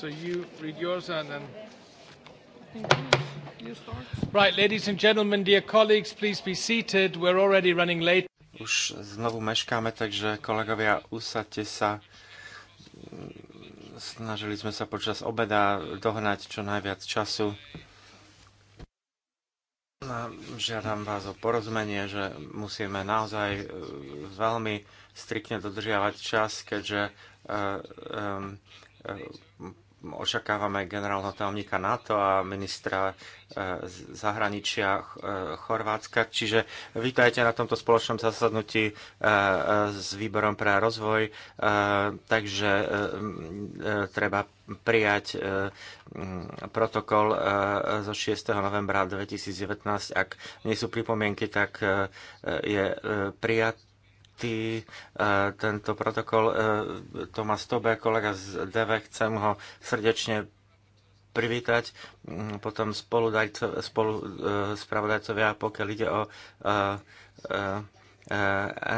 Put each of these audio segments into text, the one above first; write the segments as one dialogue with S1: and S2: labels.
S1: So you read yours and then.
S2: Right, ladies and gentlemen, dear colleagues, please be seated. We're already running late. Už znovu meškáme, takže kolegovia, usadte sa. Snažili sme sa počas obeda dohnať čo najviac času. Žiadam vás o porozumenie, že musíme naozaj e, veľmi striktne dodržiavať čas, keďže um, očakávame generálneho tajomníka NATO a ministra e, zahraničia e, Chorvátska. Čiže vítajte na tomto spoločnom zasadnutí e, s výborom pre rozvoj. Takže treba prijať protokol zo 6. novembra 2019. Ak nie sú pripomienky, tak je prijat e, tento protokol. E, Tomas Tobe, kolega z DV, chcem ho srdečne privítať, mm, potom spolu, e, spravodajcovia, pokiaľ ide o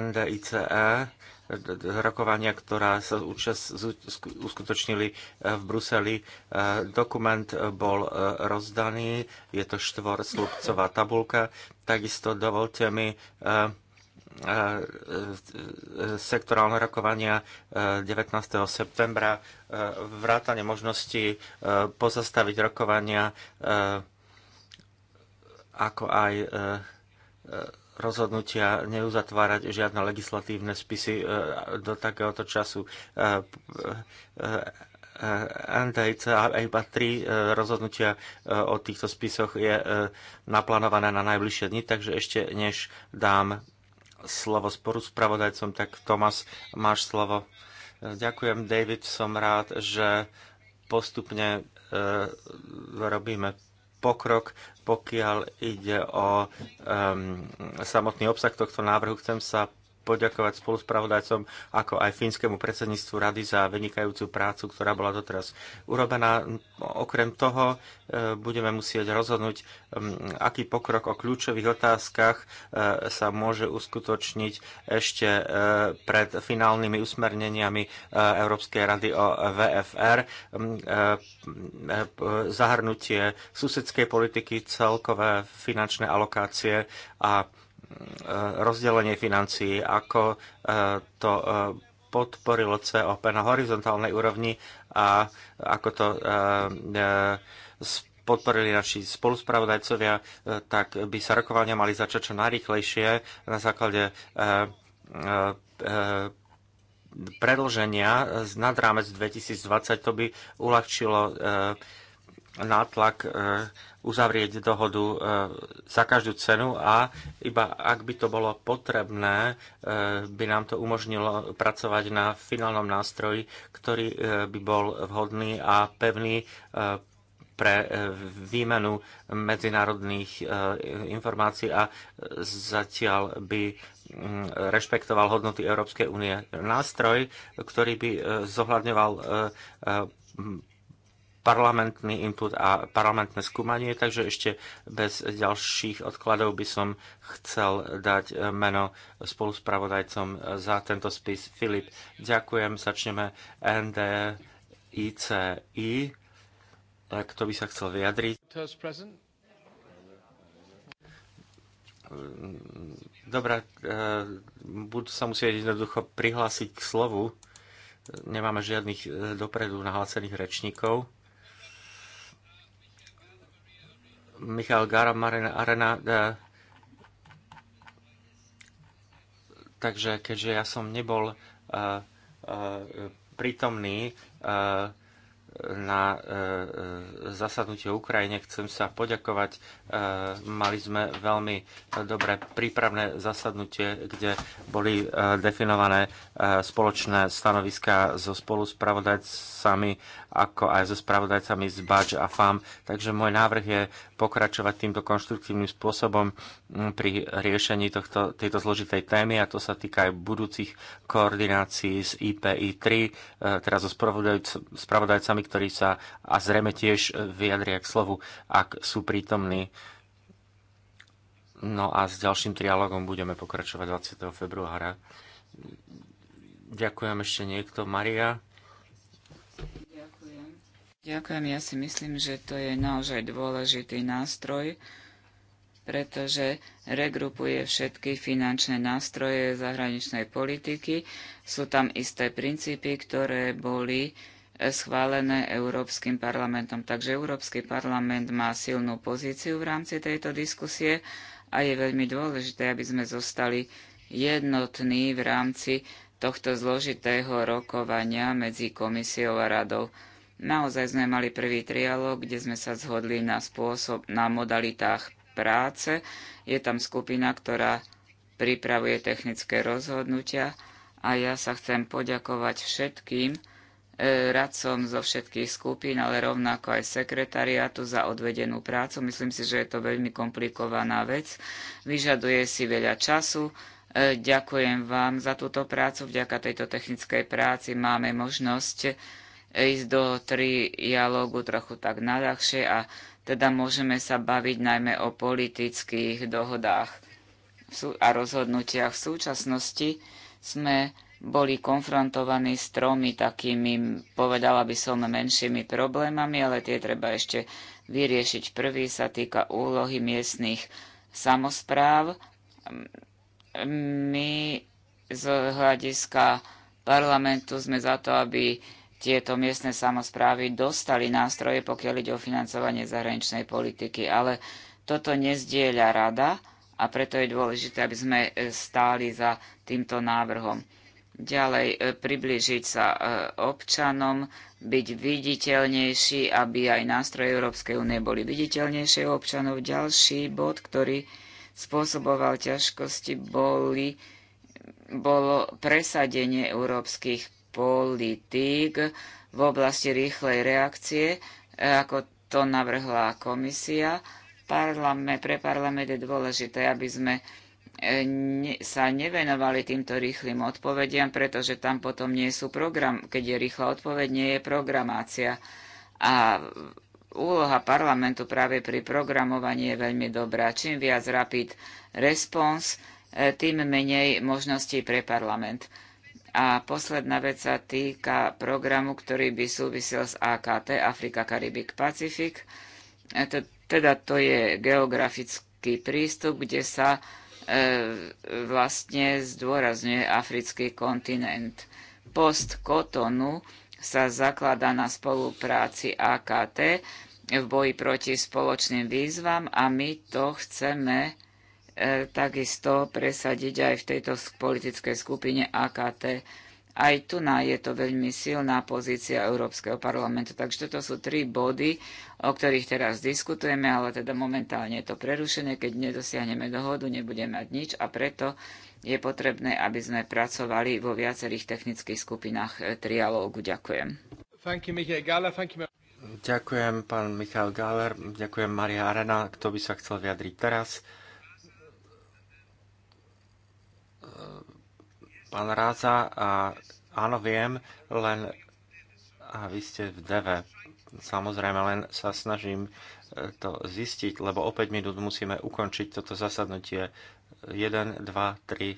S2: NDICE, e, rokovania, ktorá sa uskutočnili v Bruseli. Dokument bol rozdaný, je to slupcová tabulka. Takisto dovolte mi E, e, sektorálne rokovania 19. E, septembra, vrátane možnosti pozastaviť rokovania, ako aj rozhodnutia neuzatvárať žiadne legislatívne spisy do takéhoto času. NDIC a iba tri rozhodnutia o týchto spisoch je naplánované na najbližšie dni, takže ešte než dám slovo sporu s pravodajcom, tak Tomas, máš slovo. Ďakujem, David, som rád, že postupne e, robíme pokrok, pokiaľ ide o e, samotný obsah tohto návrhu. Chcem sa poďakovať spoluspravodajcom, ako aj fínskemu predsedníctvu rady za vynikajúcu prácu, ktorá bola doteraz urobená. Okrem toho e, budeme musieť rozhodnúť, aký pokrok o kľúčových otázkach e, sa môže uskutočniť ešte e, pred finálnymi usmerneniami Európskej rady o VFR. Zahrnutie susedskej politiky, celkové finančné alokácie a Eh, rozdelenie financií, ako eh, to eh, podporilo COP na horizontálnej úrovni a ako to podporili naši spoluspravodajcovia, tak by sa rokovania mali začať čo najrychlejšie na základe predlženia z nad rámec 2020. To by uľahčilo nátlak e, uzavrieť dohodu e, za každú cenu a iba ak by to bolo potrebné, e, by nám to umožnilo pracovať na finálnom nástroji, ktorý by bol vhodný a pevný pre výmenu medzinárodných informácií a zatiaľ by rešpektoval hodnoty Európskej únie. Nástroj, ktorý by zohľadňoval parlamentný input a parlamentné skúmanie, takže ešte bez ďalších odkladov by som chcel dať eh, meno spoluspravodajcom eh, za tento spis. Filip, ďakujem, začneme NDICI. Eh, kto by sa chcel vyjadriť? Dobre, budú sa musieť jednoducho prihlásiť k slovu. Nemáme žiadnych dopredu nahlásených rečníkov. Michal Gara, Marina Arena. E, takže keďže ja som nebol e, e, prítomný, na e, e, zasadnutie Ukrajine. Chcem sa poďakovať. E, mali sme veľmi dobré prípravné zasadnutie, kde boli definované spoločné stanoviska so spoluspravodajcami, ako aj so spravodajcami z BAČ a FAM. Takže môj návrh je pokračovať týmto konštruktívnym spôsobom pri riešení tohto, tejto zložitej témy a to sa týka aj budúcich koordinácií s IPI3, teraz so spravodajcami tými, ktorí sa a zrejme tiež e, vyjadria k slovu, ak sú prítomní. No a s ďalším trialogom budeme pokračovať 20. februára. Ďakujem ešte niekto. Maria?
S3: Ďakujem. Ďakujem. Ja si myslím, že to je naozaj dôležitý nástroj, pretože regrupuje všetky finančné nástroje zahraničnej politiky. Sú tam isté princípy, ktoré boli schválené Európskym parlamentom. Takže Európsky parlament má silnú pozíciu v rámci tejto diskusie a je veľmi dôležité, aby sme zostali jednotní v rámci tohto zložitého rokovania medzi komisiou a radou. Naozaj sme mali prvý trialog, kde sme sa zhodli na spôsob, na modalitách práce. Je tam skupina, ktorá pripravuje technické rozhodnutia a ja sa chcem poďakovať všetkým, E, radcom zo všetkých skupín, ale rovnako aj sekretariátu za odvedenú prácu. Myslím si, že je to veľmi komplikovaná vec. Vyžaduje si veľa času. E, ďakujem vám za túto prácu. Vďaka tejto technickej práci máme možnosť e, ísť do trialógu trochu tak naľahšie a teda môžeme sa baviť najmä o politických dohodách a rozhodnutiach. V súčasnosti sme boli konfrontovaní s tromi takými, povedala by som, menšími problémami, ale tie treba ešte vyriešiť. Prvý sa týka úlohy miestných samozpráv. My z hľadiska parlamentu sme za to, aby tieto miestne samozprávy dostali nástroje, pokiaľ ide o financovanie zahraničnej politiky. Ale toto nezdieľa rada a preto je dôležité, aby sme stáli za týmto návrhom ďalej e, priblížiť sa e, občanom, byť viditeľnejší, aby aj nástroje Európskej únie boli viditeľnejšie občanov. Ďalší bod, ktorý spôsoboval ťažkosti, boli, bolo presadenie európskych politík v oblasti rýchlej reakcie, e, ako to navrhla komisia. Parlame, pre parlament je dôležité, aby sme sa nevenovali týmto rýchlym odpovediam, pretože tam potom nie sú program, keď je rýchla odpoveď, nie je programácia. A úloha parlamentu práve pri programovaní je veľmi dobrá. Čím viac rapid response, e, tým menej možností pre parlament. A posledná vec sa týka programu, ktorý by súvisel s AKT, Afrika, Karibik, Pacifik. E, teda to je geografický prístup, kde sa E, vlastne zdôrazňuje africký kontinent. Post Kotonu sa zaklada na spolupráci AKT v boji proti spoločným výzvam a my to chceme e, takisto presadiť aj v tejto politickej skupine AKT. Aj tu na je to veľmi silná pozícia Európskeho parlamentu. Takže toto sú tri body, o ktorých teraz diskutujeme, ale teda momentálne je to prerušené. Keď nedosiahneme dohodu, nebudeme mať nič a preto je potrebné, aby sme pracovali vo viacerých technických skupinách e, trialógu. Ďakujem.
S1: You,
S2: ďakujem, pán Michal Gáler, ďakujem, Maria Arena. Kto by sa chcel vyjadriť teraz? pán Ráza. A áno, viem, len a vy ste v DV. Samozrejme, len sa snažím e, to zistiť, lebo o 5 minút musíme ukončiť toto zasadnutie. 1, 2, 3.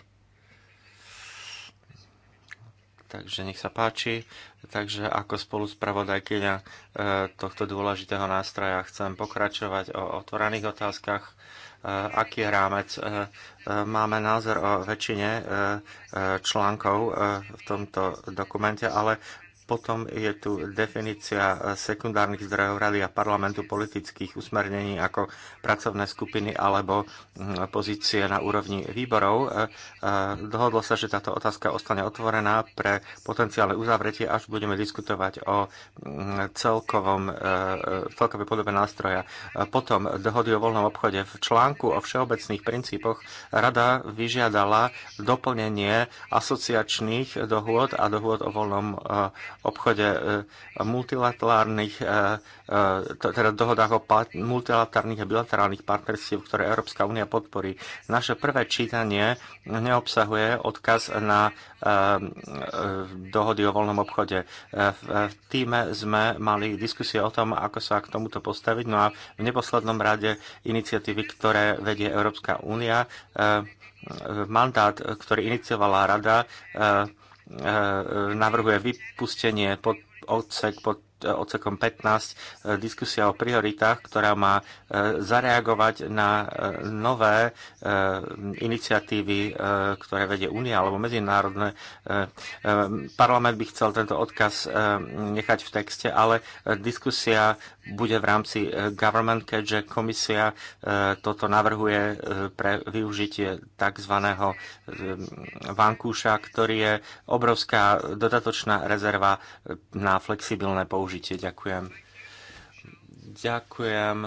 S2: Takže nech sa páči. Takže ako spolu spoluspravodajkyňa e, tohto dôležitého nástroja chcem pokračovať o otvorených otázkach aký rámec e, e, máme názor o väčšine e, článkov v tomto dokumente, ale potom je tu definícia e, sekundárnych zdrojov Rady a parlamentu politických usmernení ako pracovné skupiny alebo mm, pozície na úrovni výborov. E, e, dohodlo sa, že táto otázka ostane otvorená pre potenciálne uzavretie, až budeme diskutovať o mm, celkovom, celkovej podobe nástroja. Potom dohody o voľnom obchode. V článku o všeobecných princípoch Rada vyžiadala doplnenie asociačných dohôd a dohôd o voľnom obchode a e, multilaterálnych, e, e, teda dohodách o multilaterálnych a bilaterálnych partnerstiev, ktoré Európska únia podporí. Naše prvé čítanie neobsahuje odkaz na dohody o voľnom obchode. V týme sme mali diskusie o tom, ako sa k tomuto postaviť, no a v neposlednom rade iniciatívy, ktoré vedie Európska únia, mandát, ktorý iniciovala rada, Eh, navrhuje vypustenie pod odsek pod odsekom 15 e, diskusia o prioritách, ktorá má e, zareagovať na e, nové iniciatívy, ktoré vedie Únia alebo medzinárodné. Parlament by chcel tento odkaz nechať v texte, ale diskusia bude v rámci government, keďže komisia toto navrhuje pre využitie tzv. vankúša, ktorý je obrovská dodatočná rezerva na flexibilné použitie použitie. Ďakujem. Ďakujem.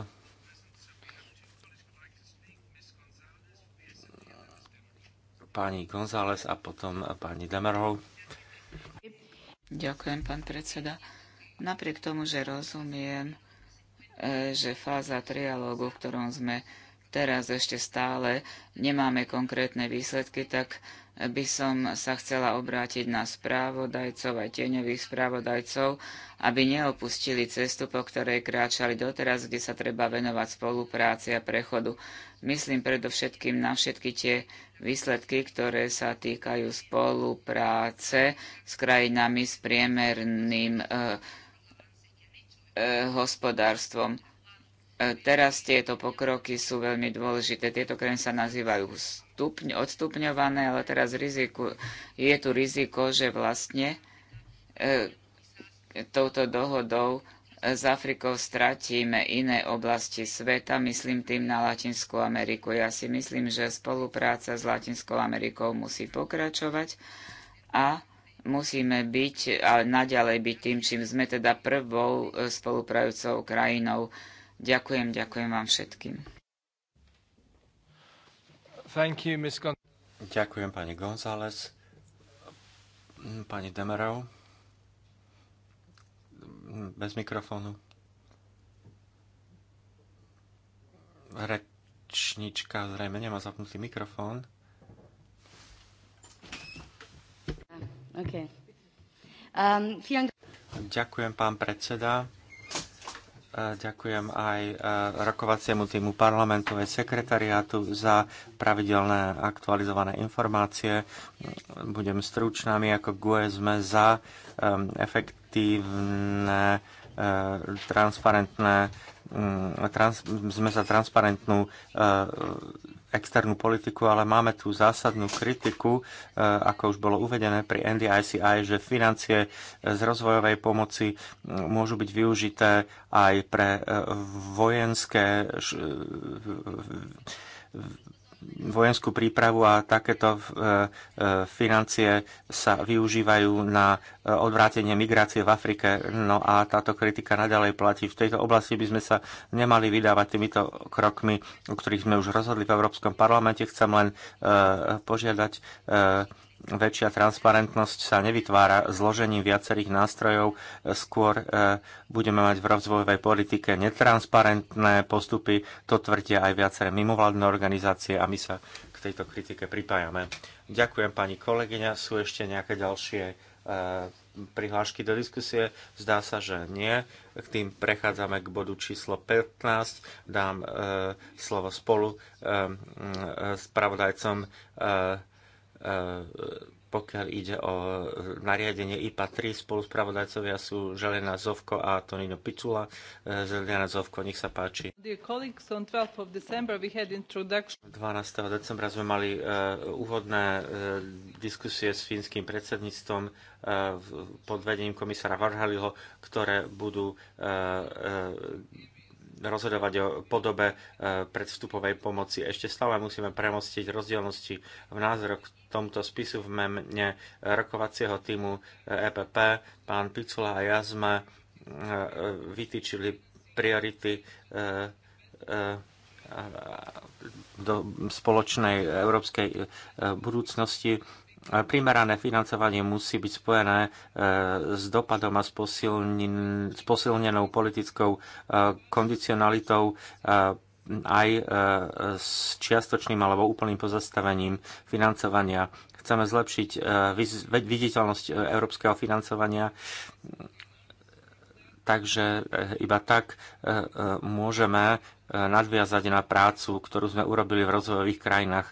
S2: Pani González a potom pani Demerhov.
S3: Ďakujem, pán predseda. Napriek tomu, že rozumiem, e, že fáza trialógu, v ktorom sme teraz ešte stále nemáme konkrétne výsledky, tak by som sa chcela obrátiť na správodajcov aj tieňových správodajcov, aby neopustili cestu, po ktorej kráčali doteraz, kde sa treba venovať spolupráci a prechodu. Myslím predovšetkým na všetky tie výsledky, ktoré sa týkajú spolupráce s krajinami s priemerným e, e, hospodárstvom. E, teraz tieto pokroky sú veľmi dôležité. Tieto krajiny sa nazývajú stupň, odstupňované, ale teraz riziku, je tu riziko, že vlastne e, touto dohodou e, s Afrikou stratíme iné oblasti sveta, myslím tým na Latinskú Ameriku. Ja si myslím, že spolupráca s Latinskou Amerikou musí pokračovať a musíme byť a naďalej byť tým, čím sme teda prvou e, spolupracujúcou krajinou. Ďakujem, ďakujem vám všetkým.
S2: Thank you, Ms. Gon- Ďakujem pani González. Pani Demerov. Bez mikrofónu. Rečnička zrejme nemá zapnutý mikrofón.
S1: Ah, okay. Um,
S2: Ďakujem, pán predseda. Ďakujem aj e, rokovaciemu týmu parlamentu aj sekretariátu za pravidelné aktualizované informácie. Budem stručná, my ako GUE sme za e, efektívne, e, transparentné trans, sme za transparentnú e, externú politiku, ale máme tu zásadnú kritiku, e, ako už bolo uvedené pri NDICI, že financie z rozvojovej pomoci e, môžu byť využité aj pre vojenské vojenskú prípravu a takéto e, e, financie sa využívajú na e, odvrátenie migrácie v Afrike. No a táto kritika naďalej platí. V tejto oblasti by sme sa nemali vydávať týmito krokmi, o ktorých sme už rozhodli v Európskom parlamente. Chcem len požiadať väčšia transparentnosť sa nevytvára zložením viacerých nástrojov, skôr e, budeme mať v rozvojovej politike netransparentné postupy, to tvrdia aj viaceré mimovládne organizácie a my sa k tejto kritike pripájame. Ďakujem pani kolegyňa, sú ešte nejaké ďalšie e, prihlášky do diskusie? Zdá sa, že nie. K tým prechádzame k bodu číslo 15. Dám e, slovo spolu e, e, spravodajcom e, E, pokiaľ ide o nariadenie IPA 3, spoluspravodajcovia sú Želena Zovko a Tonino Picula. E, Želena Zovko, nech sa páči. 12. decembra sme mali e, úvodné diskusie s fínskym predsedníctvom pod vedením komisára Varhaliho, ktoré budú rozhodovať o podobe predvstupovej pomoci. Ešte stále musíme premostiť rozdielnosti v názoroch, tomto spisu v mene rokovacieho týmu EPP. Pán Picula a ja sme e, vytýčili priority e, e, do spoločnej európskej budúcnosti. Primerané financovanie musí byť spojené s dopadom a s, posilnenou politickou kondicionalitou aj e, s čiastočným alebo úplným pozastavením financovania. Chceme zlepšiť e, viditeľnosť e, európskeho financovania, takže iba tak môžeme E, nadviazať na prácu, ktorú sme urobili v rozvojových krajinách. E,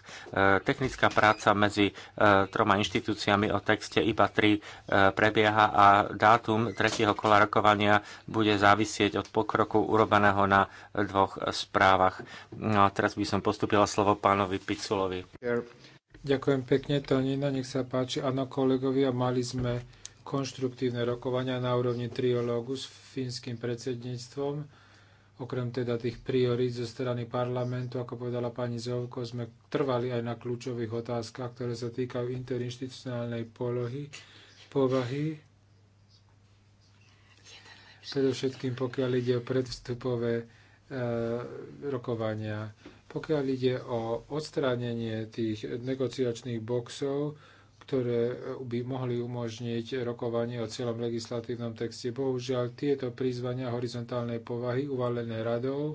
S2: technická práca medzi e, troma inštitúciami o texte IPA 3 prebieha a dátum tretieho kola rokovania bude závisieť od pokroku urobeného na dvoch správach. No a teraz by som postupila slovo pánovi Piculovi.
S1: Ďakujem pekne, Tonino, nech sa páči. Áno, kolegovia, mali sme konštruktívne rokovania na úrovni triológu s fínskym predsedníctvom Okrem teda tých priorít zo strany parlamentu, ako povedala pani Zovko, sme trvali aj na kľúčových otázkach, ktoré sa týkajú interinstitucionálnej polohy, povahy, predovšetkým pokiaľ ide o predvstupové e, rokovania. Pokiaľ ide o odstránenie tých negociačných boxov, ktoré e, by mohli umožniť rokovanie o celom legislatívnom texte. Bohužiaľ, tieto prizvania horizontálnej povahy uvalené radou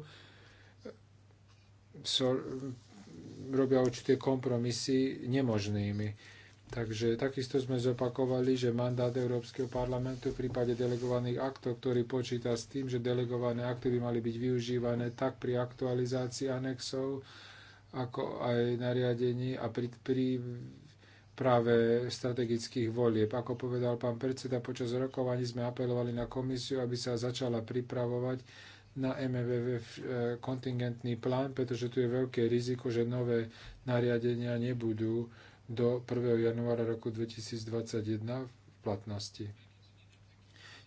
S1: so, robia určité kompromisy nemožnými. Takže takisto sme zopakovali, že mandát Európskeho parlamentu v prípade delegovaných aktov, ktorý počíta s tým, že delegované akty by mali byť využívané tak pri aktualizácii anexov, ako aj nariadení a pri, pri práve strategických volieb. Ako povedal pán predseda, počas rokovaní sme apelovali na komisiu, aby sa začala pripravovať na MVV eh, kontingentný plán, pretože tu je veľké riziko, že nové nariadenia nebudú do 1. januára roku 2021 v platnosti.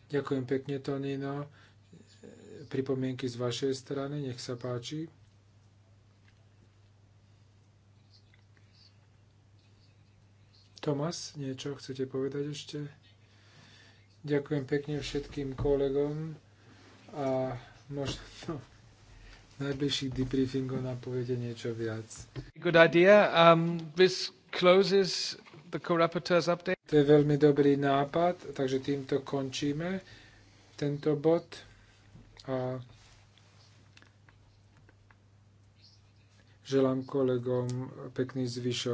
S1: Ďakujem pekne, Tonino. Pripomienky z vašej strany, nech sa páči. Tomas, niečo chcete povedať ešte? Ďakujem pekne všetkým kolegom a možno najbližších debriefingov nám poviete niečo viac. Good idea. Um, this closes the co-rapporteurs update. To je veľmi dobrý nápad, takže týmto končíme tento bod. A želám kolegom pekný zvyšok.